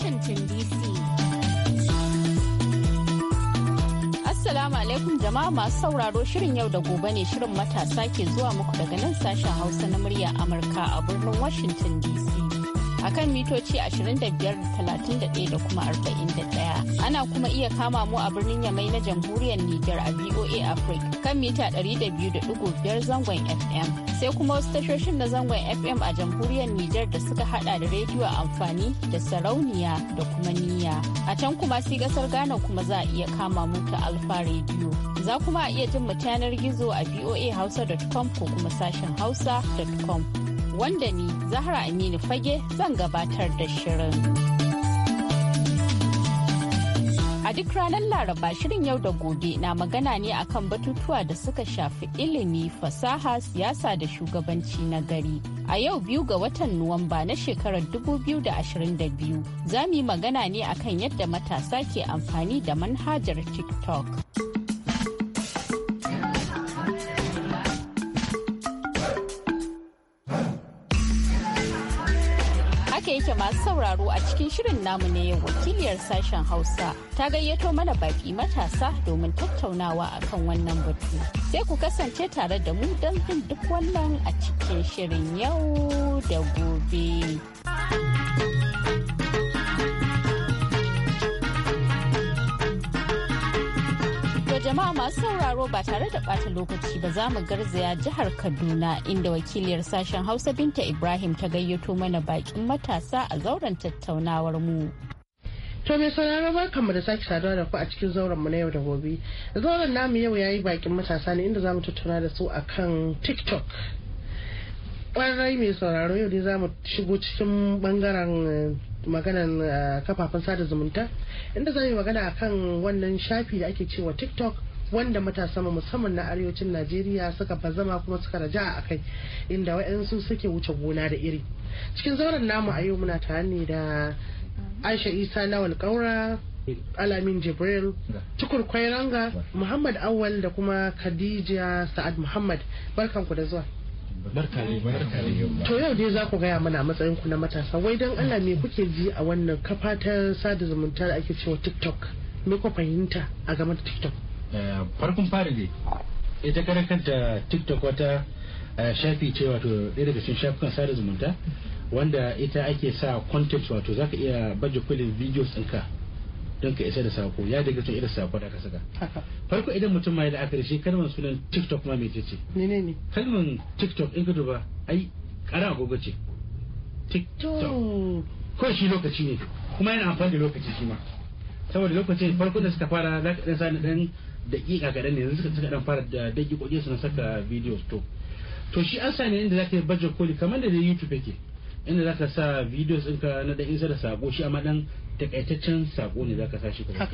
Washington DC. Assalamu alaikum jama'a masu sauraro shirin yau da gobe ne shirin matasa ke zuwa muku daga nan sashen Hausa na murya Amurka a birnin Washington DC. akan mitoci 25,31 da kuma 41. Ana kuma iya kama mu a birnin Yamai na jamhuriyar Nijar a VOA Africa kan mita 200.5 zangon FM. Sai kuma wasu tashoshin na zangon FM a jamhuriyar Nijar da suka hada da rediyo amfani da sarauniya da kuma niyya. A can kuma sai gasar Ghana kuma za a iya kama muta Alfa rediyo Za kuma a iya jin mu yanar gizo a voahausa.com ko kuma sashen hausa.com. Wanda ni Zahra Aminu Fage zan gabatar da shirin. duk ranar Laraba shirin yau da gobe na magana ne akan batutuwa da suka shafi ilimi, fasaha, siyasa da shugabanci na gari. A yau biyu ga watan Nuwamba na shekarar 2022 za mu yi magana ne akan yadda matasa ke amfani da manhajar TikTok. sauraro a cikin shirin namu ne yau wakiliyar sashen Hausa ta gayyato mana baki matasa domin tattaunawa akan wannan batu. Sai ku kasance tare da mu don bin duk wannan a cikin shirin yau da gobe. jama'a masu sauraro ba tare da ɓata lokaci ba za mu garzaya jihar Kaduna inda wakiliyar sashen Hausa Binta Ibrahim ta gayyato mana bakin matasa a zauren tattaunawar mu. To mai sauraro barkanmu da sake saduwa da ku a cikin zauren mu na yau da gobe. Zauren namu yau yayi bakin matasa ne inda za mu tattauna da su akan TikTok. kwarai mai sauraro yau dai za mu shigo cikin bangaren eh, maganan uh, kafafen sada zumunta inda za mu magana akan wannan shafi da ake cewa tiktok wanda matasa musamman na arewacin najeriya suka bazama kuma suka raja a kai inda wa'yansu suke wuce gona da iri cikin zauren namu a yau muna tare ne da aisha isa lawal kaura alamin jibril tukur kwairanga muhammad awal da kuma khadija sa'ad muhammad barkanku da zuwa To yau dai za ku gaya mana matsayin ku na matasa wai don Allah ne kuke ji a wannan kafa ta sada zumunta da ake cewa TikTok me ku fahimta a game da TikTok? Eh, farkon fari ne ita kare kanta TikTok wata eh, shafi ce wato ɗaya daga cikin shafukan sada zumunta wanda ita ake sa content wato zaka iya baje kulin videos ɗinka. don ka isa da sako ya daga tun irin sako da ka saka farko idan mutum ma ya la'akari shi kalmar sunan tiktok ma mece ce menene kalmar tiktok in ka duba ai kara agogo ce tiktok ko shi lokaci ne kuma yana amfani da lokaci shi ma saboda lokacin farko da suka fara za ka dan sani dan daƙiƙa kaɗan ne yanzu suka dan fara da daƙiƙoƙi su na saka video to to shi an sani inda za ka yi baje koli kamar da da youtube yake inda za ka sa videos ɗinka na ɗan isa da sako shi amma dan takaitaccen sako ne zaka sa shi kuma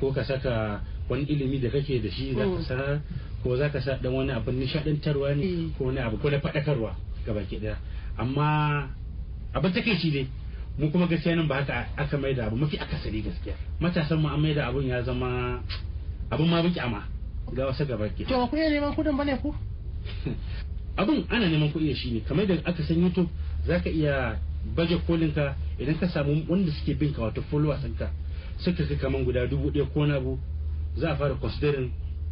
ko ka saka wani ilimi da kake da shi mm. ka sa ko ka sa dan wani abu nishadantarwa ne mm. ko wani abu ko da fadakarwa baki daya amma abin shi ne mu kuma gaskiya nan ba haka aka maida abu mafi akasari gaskiya matasan mu an maida abun ya zama abun ma biki ama ga wasu gaba ke to ku neman kudin bane ku abun ana neman kuɗi shi ne kamar da aka san YouTube zaka iya baje kolin ka idan ka samu wanda suke bin ka wato followers ka suka kai kaman guda dubu ɗaya ko na bu za a fara considering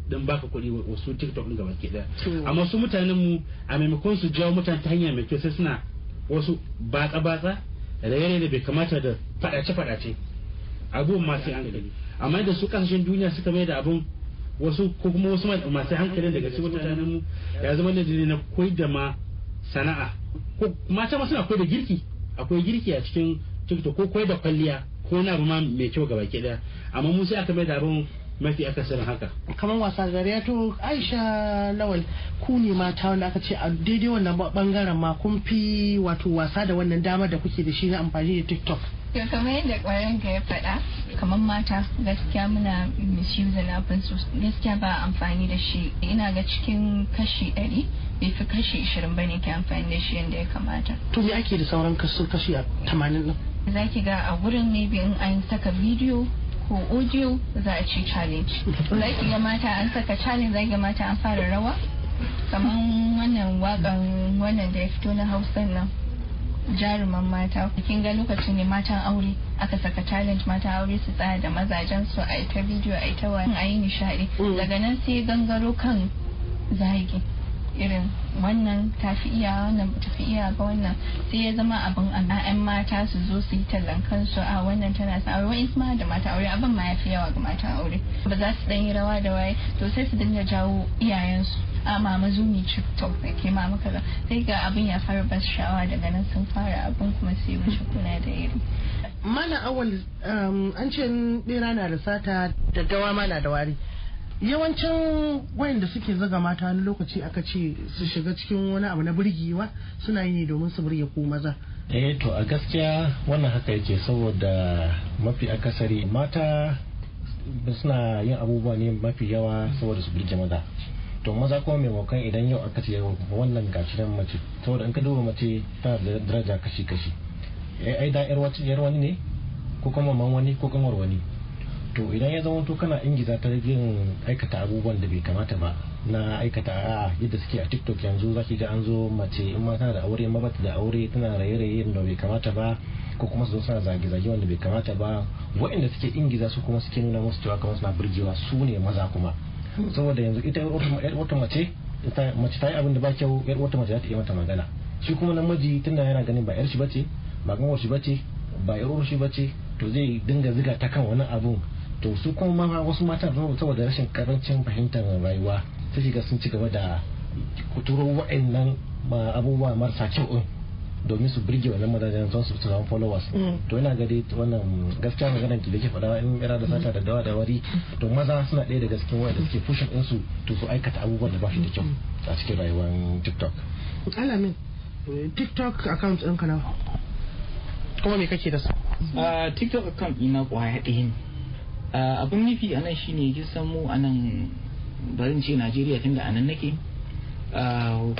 don baka kuɗi wasu tiktok ɗin gabaki ɗaya amma su mutanen mu a maimakon su jawo mutane ta hanya mai kyau sai suna wasu batsa batsa raye da bai kamata da fadace fadace abubuwan masu hankali amma da su kasashen duniya suka mai da abun wasu ko kuma wasu masu hankalin daga cikin mutanen mu ya zama da na koyar da ma sana'a ko mata ma suna koyar da girki akwai girki a cikin tiktok ko kwai da kwalliya ko na ruma mai kyau gaba baki daya amma mu sai aka mai da abin mafi akasarin haka kamar wasa gari ya to aisha lawal ku ne mata wanda aka ce a daidai wannan bangaren ma kun fi wato wasa da wannan damar da kuke da shi na amfani da tiktok to kamar yadda ƙwaron ka ya faɗa kamar mata gaskiya muna misuse na su gaskiya ba amfani da shi ina ga cikin kashi ɗari bai fi kashi ishirin ba ne ke amfani da shi yadda ya kamata to me ake da sauran kasu kashi a tamanin nan. za ki ga a wurin ne in an saka bidiyo ko audio za a ci challenge za ki ga mata an saka challenge za ki ga mata an fara rawa kamar wannan wakan wannan da ya fito na hausa nan jaruman mata kin ga lokacin ne matan aure aka saka talent mata aure su tsaya da mazajen su a ita bidiyo a ita wani a yi nishaɗi. Mm. daga nan sai gangaro kan zagi irin wannan tafi iya wannan tafi iya ga wannan sai ya zama abin yan mata su zo su yi tallan kansu a wannan tana sa aure wa'in ma da mata aure abin ma ya fi yawa ga mata aure ba za su dan rawa da waye to sai su dinga jawo iyayensu a mama zo ci tiktok da ke mama kaza sai ga abin ya fara ba shawa daga nan sun fara abin kuma sai wuce kuna da iri mana awal um, an ce ɗera na da sata da gawa ma da wari yawancin wayanda suke zaga mata wani lokaci aka ce su shiga cikin wani abu na burgewa suna yi ne domin su burge ko maza eh to a gaskiya wannan haka yake saboda mafi akasari mata suna yin abubuwa ne mafi yawa saboda su burge maza to maza kuma mai wakan idan yau aka ce wannan gashi nan mace saboda in ka duba mace tana da daraja kashi kashi eh, ai da yar wani ne ko kuma man wani ko kan wani to idan ya zama to kana ingiza ta yin aikata abubuwan da bai kamata ba na aikata a yadda suke a tiktok yanzu zaki ga an zo mace in ma tana da aure ma bata da aure tana raye-raye da bai kamata ba ko kuma su zo suna zage-zage wanda bai kamata ba wa'inda suke ingiza su kuma suke nuna masu cewa kamar suna birgewa su ne maza kuma saboda yanzu ita yar wata mace mace ta yi abin da ba kyau yar wata mace za ta iya mata magana shi kuma namiji tunda yana ganin ba yar shi bace ba ganwar shi bace ba yar uwar shi bace to zai dinga ziga ta kan wani abun to su kuma ma wasu matan saboda rashin karancin fahimtar rayuwa sai shiga sun ci gaba da kuturo wa'annan abubuwa marasa kyau domin su birge wannan mazajen don su samu followers mm. to ina dai wannan gaskiya maganar ki da ke faɗa in ira da sata da dawa da wari to maza suna ɗaya daga cikin wanda suke pushing din su to su aikata abubuwan da ba shi da kyau a cikin rayuwar TikTok alamin TikTok account ka nawa kuma me kake da su TikTok account ina kwaya ɗaya ne abun nufi anan shine kin mu anan barin ce Najeriya tunda anan nake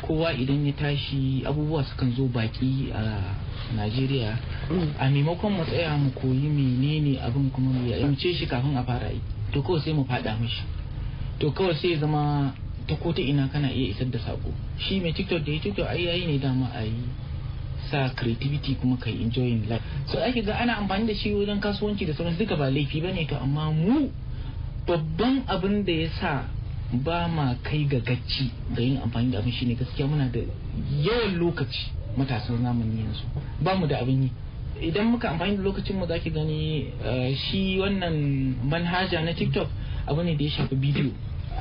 kowa idan ya tashi abubuwa sukan zo baki a najeriya mm. a maimakon mu tsaya mu koyi menene abin kuma mu ce shi kafin a fara yi to kawai sai mu fada mishi to kawai sai zama ta ko ina kana iya isar da sako shi mai tiktok da ya tiktok ai yayi ne dama a yi sa creativity kuma kai enjoying life so ake ga ana amfani da shi wajen kasuwanci da sauran duka ba laifi bane to amma mu babban abin da ya sa ba ma kai ga gacci ga yin amfani da abin shine gaskiya muna da yawan lokaci matasan zamani yanzu ba mu da abin yi idan muka amfani da lokacin mu zaki gani eh, shi wannan manhaja na tiktok abu ne da ya shafi bidiyo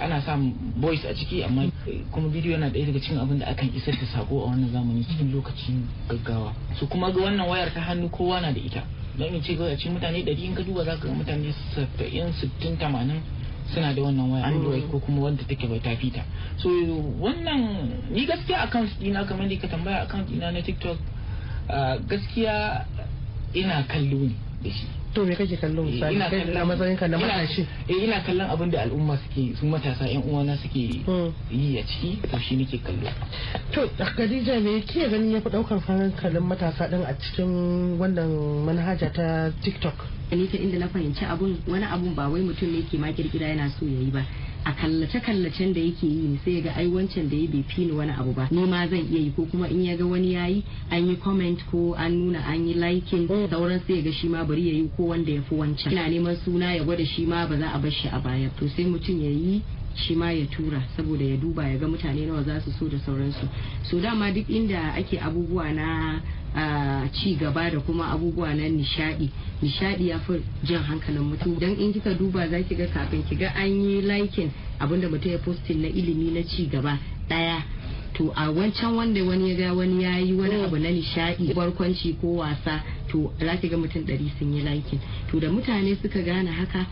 ana sa voice a ciki amma kuma bidiyo yana daya daga cikin abin da akan isar da sako a wannan zamani cikin lokacin gaggawa su kuma ga wannan wayar ta hannu kowa na da ita don in ce ga mutane 100 in ka duba za ka ga mutane saba'in sittin tamanin suna da wannan waya android ko kuma wanda take bai tafi ta so wannan ni gaskiya account dina kamar da ka tambaya account dina na tiktok ah, gaskiya ina kallo ne da shi to me kake kallon eh, sai a matsayin ka na matashi eh ina kallon abin da al'umma suke su matasa yan uwana suke hmm. yi a ciki to shi nake kallo to Khadija me yake ganin ya fi daukar farin kallon matasa din a cikin wannan manhaja ta TikTok ni ta inda na fahimci abun wani abun ba wai mutum ne ke ma kirkira yana so yayi ba a kallace kallacen da yake yi ne sai ga ai wancan da ya bai fi wani abu ba ni ma zan iya yi ko kuma in ya ga wani yayi an yi comment ko an nuna an yi liking mm. sauran sai ga shi ma bari ya yi ko wanda ya fi wancan ina neman suna ya gwada shi ma ba za a bar shi a baya to sai mutum ya yi shi ma ya tura saboda ya duba ya ga mutane nawa za su so da sauransu so dama duk inda ake abubuwa na a ci gaba da kuma abubuwa na nishadi nishadi ya fi jan hankalin mutum don in kika duba za ki ga kafin ki ga an yi likin abinda mutum ya postin na ilimi na ci gaba daya to a wancan wanda wani ya ga wani ya yi wani abu na nishadi barkwanci ko wasa to za ki ga mutum ɗari sun yi likin to da mutane suka gane haka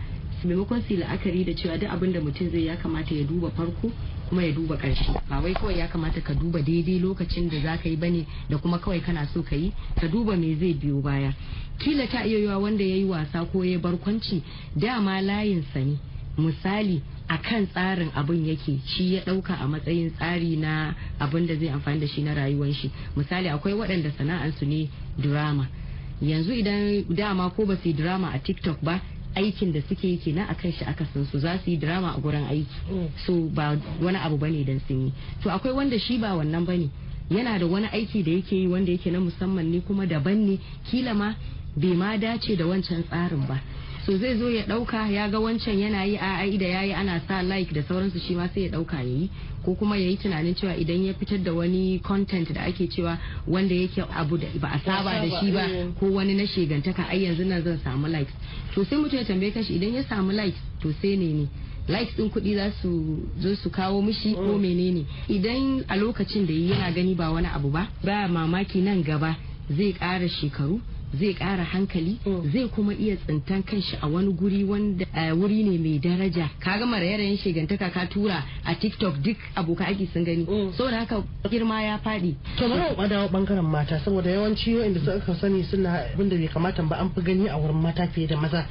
maimakon su la'akari da cewa duk abinda mutum zai ya kamata ya duba farko kuma ya duba karshe ba wai kawai ya kamata ka duba daidai lokacin da za ka yi bane da kuma kawai kana so ka yi ka duba me zai biyo baya kila ta iya yiwa wanda ya yi wasa ko ya barkwanci dama layinsa ne misali a kan tsarin abin yake shi ya ɗauka a matsayin tsari na abin da zai amfani da shi na rayuwar shi misali akwai waɗanda sana'ar su ne drama yanzu idan dama ko ba su yi drama a tiktok ba aikin da suke yi kenan a kan shi aka san su za su yi drama a gurin aiki mm. so ba wani abu bane dan sun yi to akwai wanda shi ba wannan bane yana da wani aiki da yake yi wanda yake na musamman ne kuma daban ne kila ma bai ma dace da wancan tsarin ba so zai zo ya dauka ya ga wancan yana yi a ai da yayi ana sa like da sauransu shi ma sai ya dauka yayi ko kuma yayi tunanin cewa idan ya fitar da wani content da ake cewa wanda yake abu da ba a saba da shi ba eh. ko wani na shegantaka ai yanzu nan zan samu likes to sai mutum ya tambaye kashi idan ya samu likes to sai ne ne likes din kuɗi za su zo su kawo mishi ko mm. menene idan a lokacin da yana gani ba wani abu ba ba mamaki nan gaba zai ƙara shekaru zai ƙara hankali mm. zai kuma iya tsintan kanshi a wani guri wanda eh, wuri ne mai daraja kaga marayarayin shigantaka ka tura a tiktok duk abokan aiki sun gani mm. saboda haka girma ya faɗi. to bari mu dawo bangaren mata saboda yawanci wanda suka sani suna abin da bai kamata ba an fi gani a wurin mata fiye da maza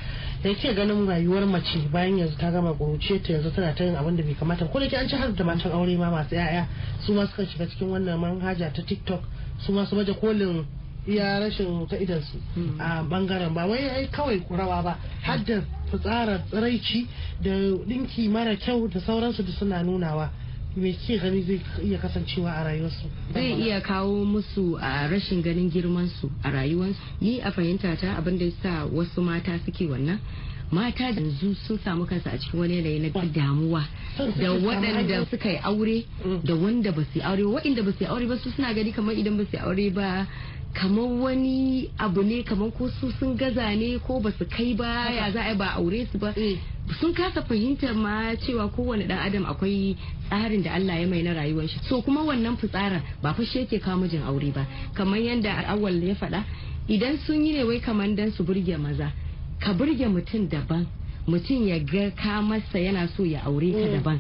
da yake ganin rayuwar mace bayan yanzu ta gama ƙuruce ta yanzu tana ta yin abin da bai kamata ko da ke an ci har da matan aure ma masu 'ya'ya su ma suka shiga cikin wannan manhaja ta tiktok su ma su baje kolin iya rashin fa'idarsu hmm. a bangaren ba wai ai kawai rawa ba har da fitsara tsiraici da dinki mara kyau da sauransu da suna nunawa me ke gani zai iya kasancewa a rayuwarsu zai iya kawo musu a rashin ganin girmansu a rayuwarsu ni a fahimta ta abin da sa wasu mata suke wannan mata yanzu sun samu kansu a cikin wani yanayi na damuwa da waɗanda suka yi aure mm. da wanda ba su aure waɗanda ba su aure ba su suna gani kamar idan ba su aure ba kamar wani abu ne kamar ko su sun gaza ne ko ba su kai ba ya za a ba aure su ba mm. sun kasa fahimtar ma cewa kowane dan adam akwai tsarin da Allah ya mai na rayuwar shi so kuma wannan fitsarin ba fa shi yake kawo mijin aure ba kamar yadda awal ya faɗa idan sun yi ne wai kamar dan su burge maza ka burge mutum daban mutum ya ga ka masa yana so ya aure ka mm. daban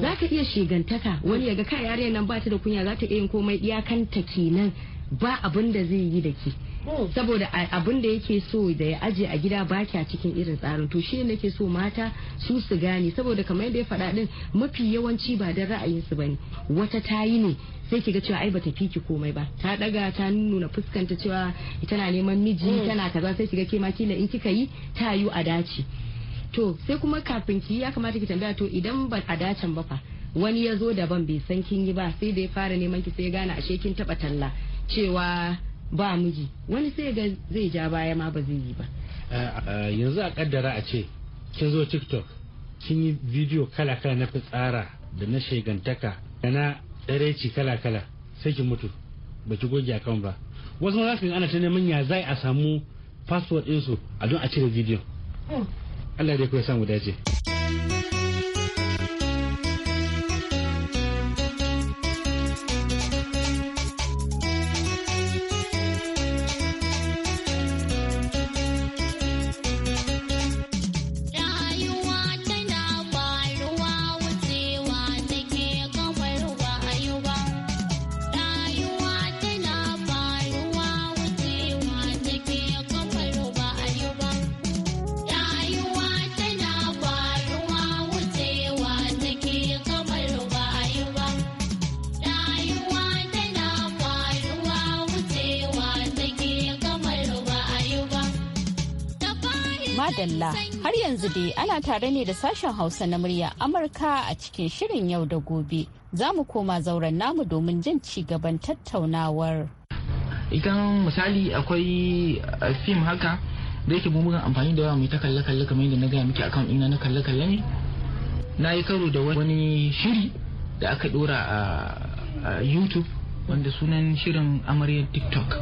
za ka iya shigantaka wani ya ga ka yare nan ba ta da kunya za ta iya yin komai iyakanta kenan ba abin da zai yi da ke hmm. saboda abin da yake so da ya aje a gida ba kya cikin irin tsarin to shi nake so mata su su gane saboda kamar yadda ya faɗa din mafi yawanci ba da ra'ayinsu bane wata tayi ne sai ki ga cewa ai bata fiki komai ba ta daga ta nuna fuskanta cewa tana neman miji hmm. tana kaza sai ki ga ke ma kila in kika yi ta yi a dace to sai kuma kafin ki ya kamata ki tambaya to idan ba a dacen ba fa wani ya zo daban bai san kin yi ba sai da ya fara neman ki sai ya gane ashe kin taba talla cewa ba miji wani sai ga zai ja baya ma ba zai yi ba yanzu a kaddara a ce kin zo tiktok kin yi bidiyo kala-kala na fitsara da na shegantaka da na tsareci kala-kala sai ki mutu ba ki goge akan ba wasu ma za ana ta neman ya za a samu password ɗinsu a don a cire bidiyon hmm. Allah dai kuwa samu dace. yanzu dai ana tare ne da sashen Hausa na murya Amurka a cikin shirin yau da gobe. Za mu koma zauren namu domin jin ci gaban tattaunawar. Idan misali akwai fim haka da yake mu amfani da yawa mai ta kalle-kalle kamar yadda na gaya miki akan ina na kalle-kalle ne. Na yi karo da wani shiri da aka dora a YouTube wanda sunan shirin amaryar TikTok.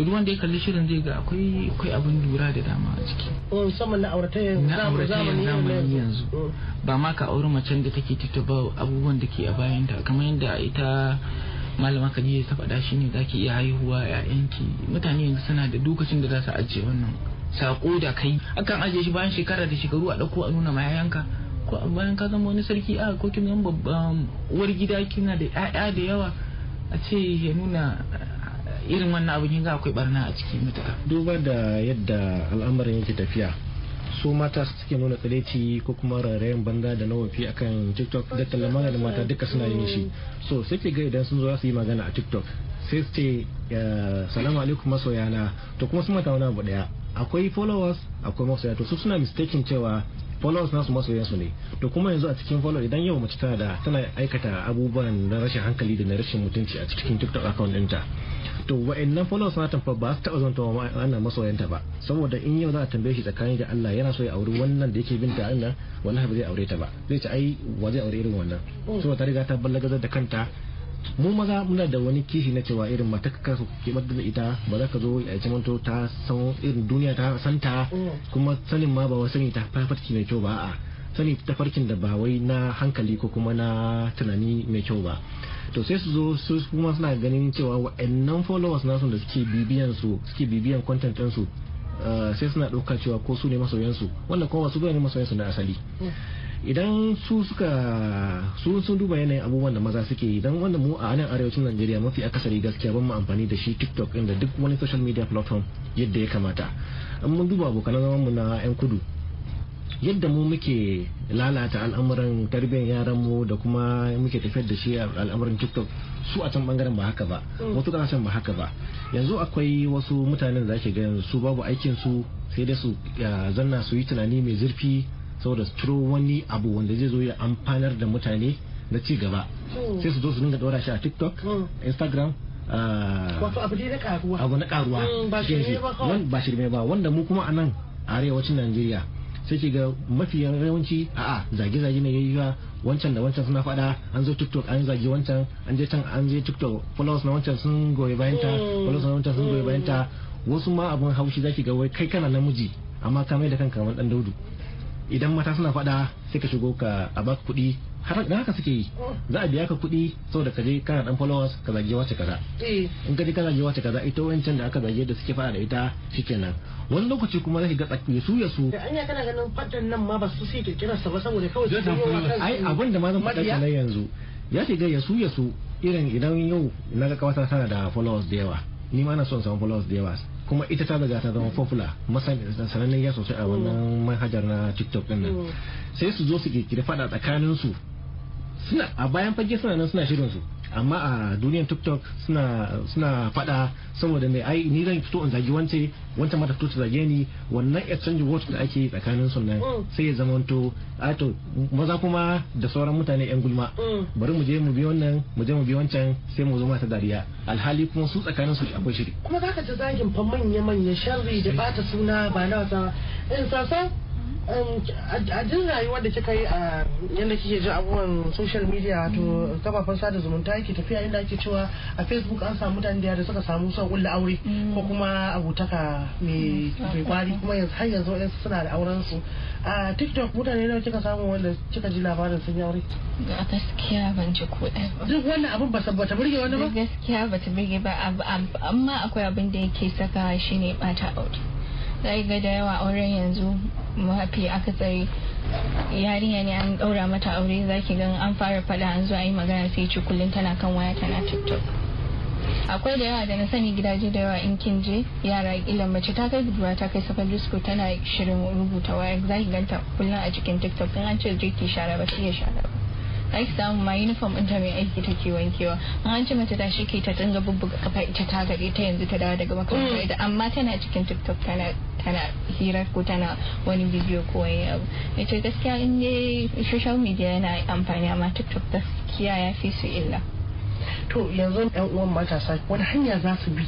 to duk wanda ya kalli shirin zai ga akwai akwai abin lura da dama a ciki oh, musamman na auratayen zamani yanzu oh. ba ma ka auri macen da take tita ba abubuwan da ke a bayan ta kamar yadda ita malama ji ta faɗa shine zaki iya haihuwa ƴaƴanki mutane yanzu suna da lokacin da za su ajiye wannan sako da kai akan ajiye shi bayan shekara da shekaru a ɗauko a nuna ma yayanka ko bayan ka zama wani sarki a ko kin babban uwar gida kina da 'ya'ya da yawa a ce ya nuna irin wannan abin yin akwai barna a ciki matuka duba da yadda al'amarin yake tafiya su mata suke nuna tsaleci ko kuma rairayin banza da nawafi akan tiktok da talamana da mata duka suna yin shi so suke ga idan sun zo su yi magana a tiktok sai su ce eh, salamu alaikum masoyana to kuma su mata wani abu daya akwai followers akwai masoya to su suna mistakin cewa followers nasu yansu ne to kuma yanzu a cikin follow idan yau mace tana da tana aikata abubuwan na rashin hankali da na rashin mutunci a cikin tiktok account ɗinta to wa'annan followers na tamfa ba su taɓa zonta wa ana masoyanta ba saboda in yau za a tambaye shi tsakani da Allah yana so ya auri wannan da yake binta Allah wannan ba zai aure ta ba zai ce ai wa zai aure irin wannan mm. saboda ta riga ta ballagazar da kanta mu maza muna da wani kishi na cewa irin mata ka keɓar da ita ba za ka zo a zamanto ta san irin duniya ta santa mm. kuma sanin ma ba wa sani ta farfarki mai kyau ba a sani farkin da ba wai na hankali ko kuma na tunani mai kyau ba to sai su zo su kuma suna ganin cewa wa'annan followers nasu da suke bibiyan su suke bibiyan content su eh, sai suna ɗauka cewa ko su ne masoyansu wanda kuma wasu su masoyansu na asali mm. idan su suka su sun duba yanayin abubuwan da maza suke idan wanda mu a nan arewacin Najeriya mafi akasari gaskiya ban mu amfani da shi TikTok inda duk wani social media platform yadda ya kamata an mun duba abokan zaman mu na yan kudu yadda mu muke lalata al'amuran tarbiyyar yaran mu da kuma muke tafiyar da shi a al'amuran tiktok su a can bangaren ba haka ba mm. wasu kasashen ba haka ba yanzu akwai wasu mutanen da ake yanzu su babu aikin su sai dai su zanna su yi tunani mai zurfi saboda su turo wani abu wanda zai zo ya amfanar da mutane na ci gaba hmm. sai su zo su dinga dora shi a tiktok hmm. instagram ah, wato abu na karuwa hmm, ba na karuwa ba ba wanda mu kuma a nan arewacin najeriya sai ki ga mafi yawanci a'a zage-zage na yayi wancan da wancan suna fada an zo tiktok an zage wancan an je can an je tiktok followers na wancan sun goyi bayan ta followers na wancan sun goyi bayan ta wasu ma abun haushi zaki ga wai kai kana namiji amma ka mai da kanka kamar dan daudu idan mata suna fada sai ka shigo ka a baka kuɗi har da haka suke yi oh. za a biya ka kuɗi saboda ka je kana dan followers ka zage wace kaza eh. in ka je ka zage wace kaza ita wancan da aka zage da suke fada da ita shikenan wani lokaci kuma zai ga tsaki su ya su an ya kana ganin fadan nan ma ba su sai kirkira sa ba saboda kawai su ai abin da ma zan fada kana yanzu ya shiga ya su ya su irin idan yau na ga kawata tana da followers da yawa ni ma na son sama followers da yawa kuma ita ta riga ta zama popular sanannen ya sosai a wannan manhajar na tiktok din nan mm. sai su zo su kirkiri fada tsakanin su a bayan fage suna nan suna shirin su amma a duniyar tiktok suna suna fada saboda mai ai ni zan fito in zagi wance wanta mata fito ta zage ni wannan exchange vote da ake tsakanin su nan mm. sai ya zama to ato maza kuma da sauran mutane yan gulma mm. bari mu je mu bi wannan mu je mu bi wancan sai mu zo mata dariya alhali kuma su tsakanin su akwai shiri kuma zaka ji zagin fa manya manya sharri da bata suna ba na wasa in eh, sasa Um, Ajin duk rayuwar da kika yi a yadda kike ji abubuwan social media to kafafen sada zumunta yake tafiya inda ake cewa a facebook an samu mutane da suka samu son kulla aure mm. ko kuma abutaka mai kwari mm. kuma yanzu har yanzu yansu suna da auren su a tiktok mutane nawa kika samu wanda kika ji labarin sun yi aure a gaskiya ban ji ko duk wannan abin ba ta burge wani ba gaskiya ba ta burge ba amma akwai abin da yake saka shine bata aure zai ga da yawa auren yanzu mafi akasari yarinya ne an ɗaura mata aure zaki gan an fara faɗa an zuwa yi magana sai ci kullum tana kan waya tana tiktok akwai da yawa da na sani gidaje da yawa in kin je yara kila mace ta kai gudura ta kai secondary school tana shirin rubuta waya zaki ganta kullum a cikin tiktok in an ce je ki shara ba ki iya shara ba aiki samu ma uniform ɗinta mai aiki take wankewa an ce mace ta ke ta dinga bubbuga kafa ita ta gare ta yanzu ta dawo daga makaranta mm. amma tana cikin tiktok tana tana hirar ko tana wani bidiyo ko wani abu ita gaskiya in dai social media yana amfani amma tiktok gaskiya ya fi su illa to yanzu yan uwan matasa wani hanya za su bi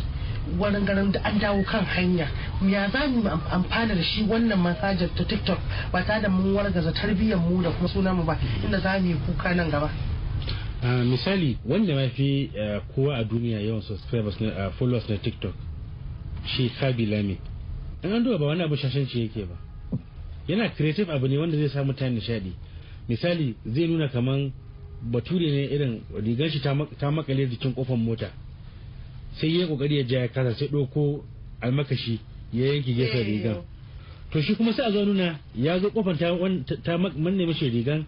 wurin garin da an dawo kan hanya ya za mu amfana da shi wannan masajar ta tiktok ba ta da mun wargaza tarbiyyar mu da kuma suna mu ba inda za mu yi kuka nan gaba ah, misali wanda ma eh, kowa a duniya yawan subscribers na ah, followers na tiktok shi sabi lami an an duba ba wani abu shashanci yake ba yana creative abu ne wanda zai sa mutane nishadi misali zai nuna kaman bature ne irin rigar shi ta makale jikin kofar mota sai ya kokari ya jaya kasa sai ko almakashi ya yanke gefe rigan to shi kuma sai a zo nuna ya zo kofar ta manne mashi rigan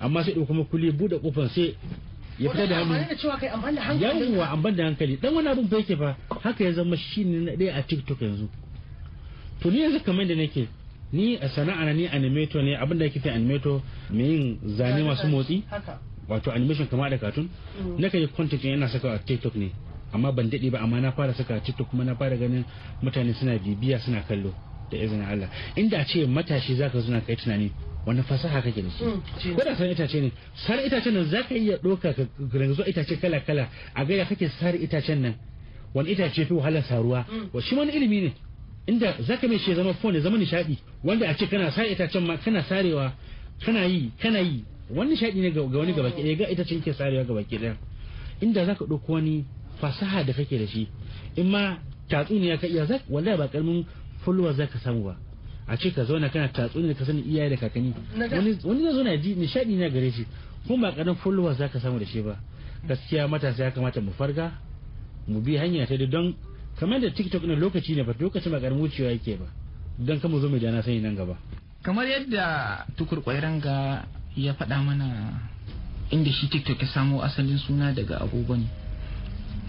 amma sai kuma kulle buɗe kofar sai ya fita da hannu yawwa an ban da hankali dan wani abin bai ke fa haka ya zama shi ne na ɗaya a tiktok yanzu to ni yanzu kamar da nake ni a sana'a na ni animator ne abin da yake fi animator mai yin zane masu motsi wato animation kama da katun. Mm. na kai content yana saka a tiktok ne amma ban daɗe ba amma na fara saka tiktok kuma na fara ganin mutane suna bibiya suna kallo da izinin Allah inda a ce matashi zaka zo na kai tunani wani fasaha kake da shi ko hmm, da san itace ne san itacen nan zaka iya doka ka ranzo itace kala kala a ga ya kake sar itacen nan wani itace fi wahalar saruwa hmm. shi wani ilimi ne inda zaka mai shi zama phone zama nishadi wanda a ce kana sar itacen ma kana sarewa kana yi kana yi wani nishadi ne ga wani gaba ɗaya ga itacen ke sarewa gaba ɗaya inda zaka ɗauko wani fasaha da kake da shi in ma tatsuniya ka iya zai wallahi ba karamin fulwa zaka samu ba a ce ka zauna kana tatsuniya ka sani iyaye da kakanni wani zai zauna ji nishadi na gare shi kuma ba karamin fulwa zaka ka samu da shi ba gaskiya matasa ya kamata mu farga mu bi hanya ta don kamar da tiktok na lokaci ne ba lokacin ba karamin wucewa yake ba don kama zo mai dana sani nan gaba kamar yadda tukur ga ya faɗa mana inda shi tiktok ya samo asalin suna daga agogo ne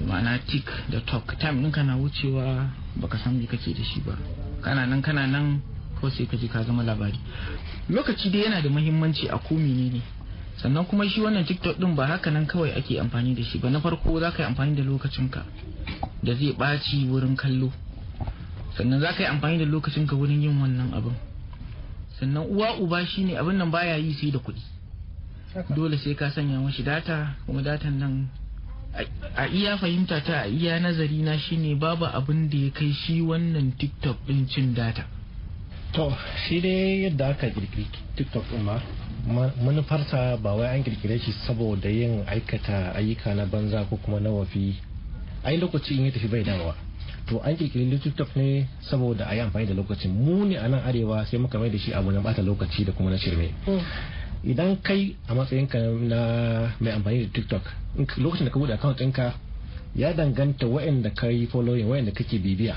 ma'ana tik da tok time din kana wucewa baka san me kake da shi ba kana nan kana nan ko sai ka ji ka zama labari lokaci dai yana da muhimmanci a ko menene sannan kuma shi wannan tiktok din ba haka nan kawai ake amfani da shi ba na farko za ka yi amfani da lokacinka da zai ɓaci wurin kallo sannan za ka yi amfani da lokacinka wurin yin wannan abin sannan uwa uba shi ne abin nan baya yi sai da kuɗi dole sai ka sanya mashi data kuma datan nan a iya fahimta ta a iya nazari na shine babu abin da ya kai shi wannan tiktok din cin data to shi dai yadda aka kirkiri tiktok din ma manufarsa ba wai an kirkire shi saboda yin aikata ayyuka na banza ko kuma na wafi ai lokaci in ya tafi bai dawowa to an kirkiri tiktok ne saboda a yi amfani da lokacin mu ne a nan arewa sai muka mai da shi abu na bata lokaci da kuma na shirme hmm. idan kai a matsayinka na mai amfani da tiktok lokacin da ka bude account ɗinka ya danganta waɗanda ka yi following waɗanda kake bibiya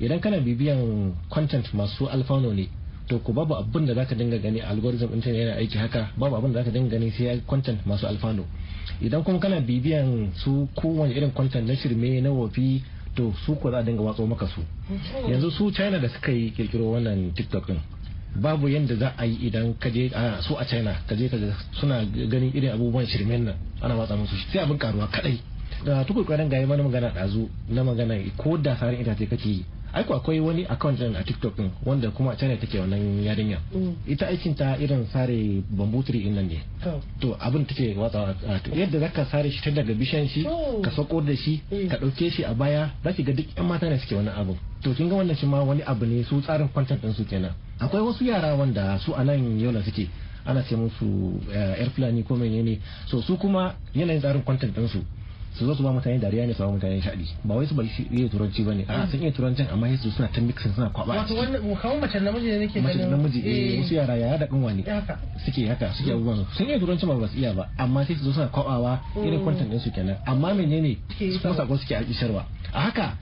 idan kana bibiyan content masu alfano ne to ku babu abin da zaka dinga gani algorithm internet yana aiki haka babu abin da zaka dinga gani sai content masu alfano idan kuma kana bibiyan su kowane irin content na shirme na wofi to su ku za a dinga watso maka su hmm. yanzu su china da suka yi kirkiro wannan tiktok din babu yadda za a yi idan ka je a su a china ka je ka suna ganin irin abubuwan shirmen nan ana watsa musu sai abin karuwa kadai da tukur kwanan ga mana magana dazu na magana ko da sarin itace kake yi aiko akwai wani account din a TikTok din wanda kuma a China take wannan yarinya mm. ita aikin ta irin sare bambutri din nan ne to abin take watsa yadda zaka sare shi ta daga bishan shi oh. ka sako da shi mm. ka dauke shi a baya zaki ga duk yan mata ne suke wannan abin to kin ga wannan shi ma wani abu ne su tsarin content din su kenan akwai wasu yara wanda su a nan yola suke ana ce musu eh, yar fulani ko menene so su kuma yanayin tsarin kwantar ɗinsu su zo su ba mutane dariya ne su ba mutane shaɗi ba wai su bari iya turanci ba ne a sun iya turancin amma su suna ta mixin suna kwaba wato wani kawai mace namiji ne nake mace namiji eh, eh wasu yara yaya da kanwa ne suke haka suke abubuwan sun iya turanci ba ba su iya ba amma sai su zo suna kwabawa irin kwantar mm. din kenan amma menene su kuma suke alƙisharwa a haka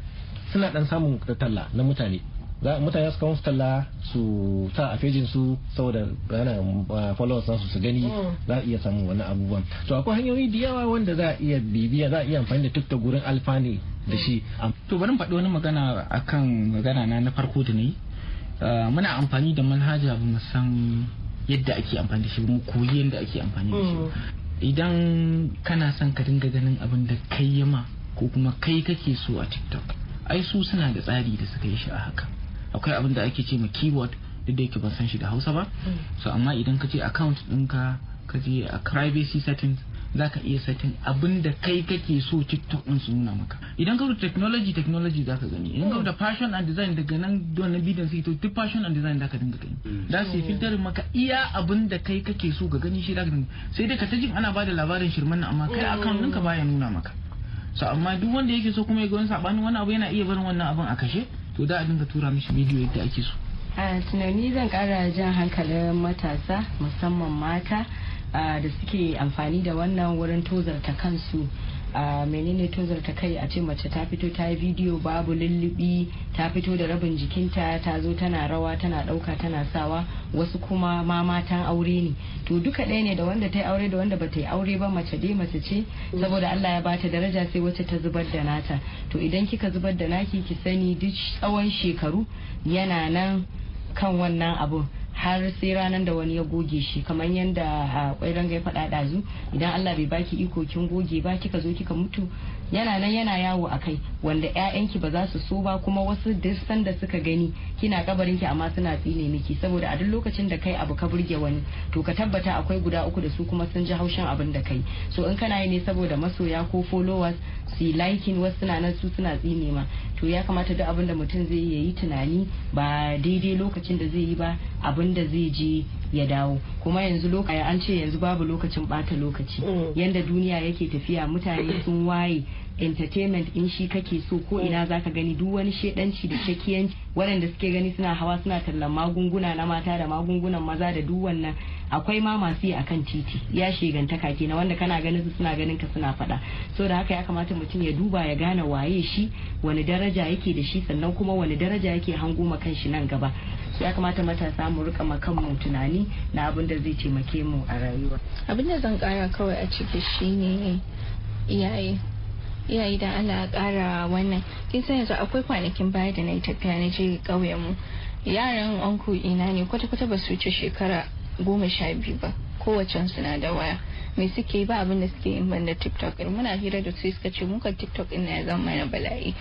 suna ɗan samun talla na mutane mutane su kawo su talla su ta a fejin su saboda yana uh, followers su su gani mm. za a iya samun wani abubuwan to akwai hanyoyi da yawa wanda za a iya bibiya za a iya amfani da tukta gurin alfani da shi mm. to bari faɗi wani magana akan magana na na farko da ne uh, muna amfani da manhaja ba mu san yadda ake amfani da shi mu koyi yadda ake amfani da shi mm. idan kana son ka dinga ganin abin da kai yama ko kuma kai kake so a tiktok ai su suna da tsari da suka yi shi a haka akwai abin da ake ce ma keyword duk da yake ban san shi da hausa ba mm. so amma idan ka je account ɗinka ka je a privacy settings za ka iya setting abin da kai kake so tiktok ɗin su nuna maka idan ka rubuta technology technology za ka gani idan ka rubuta fashion and design daga nan na bidiyon sai to duk fashion and design za ka dinga gani mm. za su filter maka iya abin da kai kake so ga gani shi za ka sai dai ka ta jin ana ba da labarin shirman nan amma kai account ɗinka mm. baya nuna maka so amma duk wanda yake so kuma ya ga wani sabanin wani abu yana iya barin wannan abin a kashe to da a dinga tura mishi bidiyo yadda ake so a tunani zan kara jan hankalin matasa musamman mata da suke amfani da wannan wurin tozarta kansu a menene tozarta kai a ce mace ta fito ta yi bidiyo babu lullubi ta fito da rabin jikinta ta zo tana rawa tana dauka tana sawa wasu kuma ma matan aure ne to duka ɗaya ne da wanda ta yi aure da wanda ba ta yi aure ba mace dai mace ce saboda Allah ya bata daraja sai wacce ta zubar da nata to idan kika zubar da naki ki sani duk tsawon shekaru yana nan kan wannan abun har sai ranar da wani ya goge shi kamar yadda ah, ranga ya faɗa ɗazu idan allah bai baki iko kin goge ba kika zo kika mutu yana nan yana yawo a kai wanda 'ya'yanki ba za su so ba kuma wasu duk da suka gani kina kabarinki amma suna tsine miki saboda a duk lokacin da kai abu ka burge wani to ka tabbata akwai guda uku da su kuma sun ji haushin abin da kai so in kana yi ne saboda masoya ko followers su likin liking wasu suna nan su suna tsine ma to ya kamata duk abin da mutum zai yi tunani ba daidai lokacin da zai yi ba abin da zai je ya dawo kuma yanzu lokaci an ce yanzu babu lokacin bata lokaci mm. yanda duniya yake tafiya mutane sun waye entertainment in shi kake so ko mm. ina zaka gani duk wani shedanci da shakiyanci waɗanda suke gani suna hawa suna tallan magunguna na mata da magungunan maza da duk wannan akwai ma masu yi akan titi ya kake na wanda kana ganin su suna ganin ka suna faɗa so da haka ya kamata mutum ya duba ya gane waye shi wani daraja yake da shi sannan kuma wani daraja yake hango ma kanshi nan gaba ya kamata matasa mu rika ma kanmu tunani na abin da zai taimake mu a rayuwa abin da zan kara kawai a ciki shine iyaye iya da Allah kara wannan kin san yanzu akwai kwanakin baya da na yi tafiya na je ƙauyen mu yaran anku ina ne kwata-kwata ba su wuce shekara goma sha biyu ba kowace suna da waya me suke ba abin da suke yin banda tiktok muna hira da su suka ce muka tiktok ina ya zama mana bala'i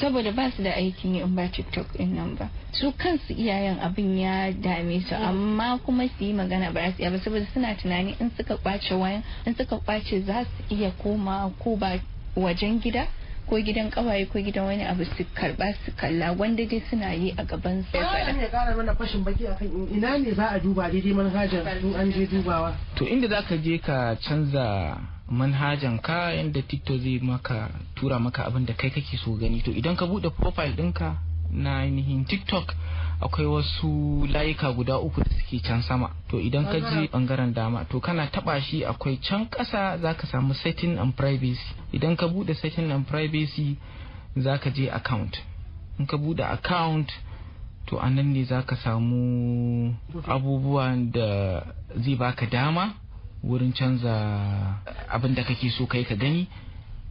saboda ba su da aikin yi in ba tiktok in nan ba su kansu iyayen abin ya dame su amma kuma su yi magana ba su ba saboda suna tunani in suka kwace wayan in suka kwace za su iya koma ko ba wajen gida ko gidan kawaye ko gidan wani abu su karba su kalla wanda dai suna yi a gaban su ya kara mana fashin baki akan ina ne za a duba daidai manhajar in an je dubawa to inda za ka je ka canza manhajan ka yanda tiktok zai maka tura maka abin da kai kake so gani to idan ka bude profile ɗinka na ainihin tiktok akwai wasu layuka guda uku da suke can sama to idan ka je bangaren dama to kana taba shi akwai can ƙasa zaka samu setting and privacy idan ka bude setting and privacy zaka je account in ka bude account to anan ne zaka samu abubuwan da zai baka dama wurin canza abin da kake so kai ka gani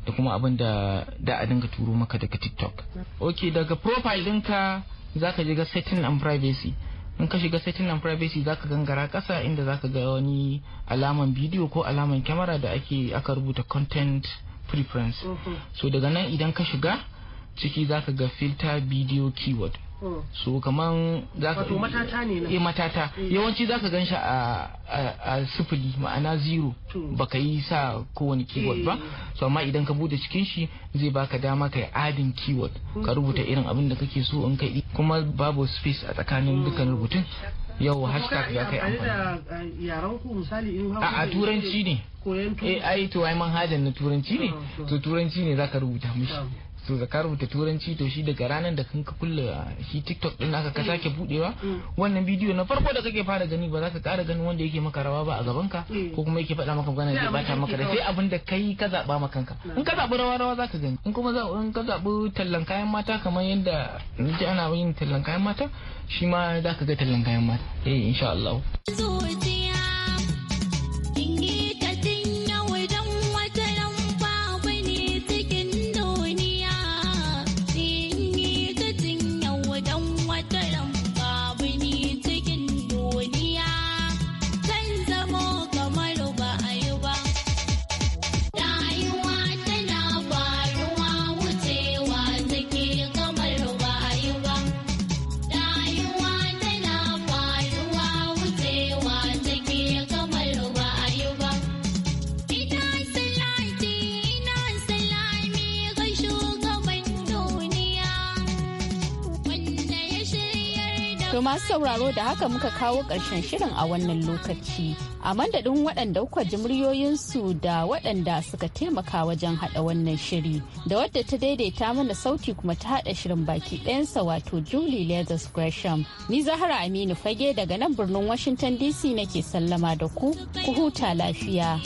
da kuma abin da da a dinga turo maka daga tiktok ok daga profile ɗinka zaka je ga setting and privacy in ka shiga setting na privacy za ka gangara kasa inda za ka ga wani alaman bidiyo ko alaman kyamara da ake aka rubuta content preference mm-hmm. so daga nan idan ka shiga ciki za ka ga filter bidiyo keyword Mm. su kaman za ka matata ne na eh, matata mm. yawanci za ka gan shi a sifili ma'ana zero baka yi sa kowane keyword ba mm. so amma idan ka bude cikin shi zai baka dama kai adin keyword ka rubuta irin abin da kake so in kai kuma babu space a tsakanin dukkan rubutun yau hashtag za ka eh, yi amfani a turanci ne eh, ai to ai manhajar na turanci ne ah, to turanci ne za ka rubuta mishi so ka rubuta turanci to shi daga ranar da kanka kulle ah, shi tiktok din aka ka mm. sake budewa mm. wannan bidiyo na farko da kake fara gani ba za ka kara ganin wanda yake maka rawa ba a gaban ka mm. ko kuma yake faɗa maka magana zai bata maka da sai abin da kai ka zaba ma kanka in ka zabi rawa rawa za ka gani in kuma in ka zabi tallan kayan mata kamar yadda nake ana yin tallan kayan mata shi ma za ka ga tallan kayan mata eh insha Allah To masu sauraro da haka muka kawo ƙarshen shirin a wannan lokaci. A mandadin waɗanda kuka ji muryoyinsu da waɗanda suka taimaka wajen haɗa wannan shiri. Da wadda ta daidaita mana sauti kuma ta haɗa shirin baki ɗayansa wato Julie Leathers Gresham. Ni Zahara Aminu Fage daga nan birnin Washington DC nake sallama da ku, ku huta lafiya.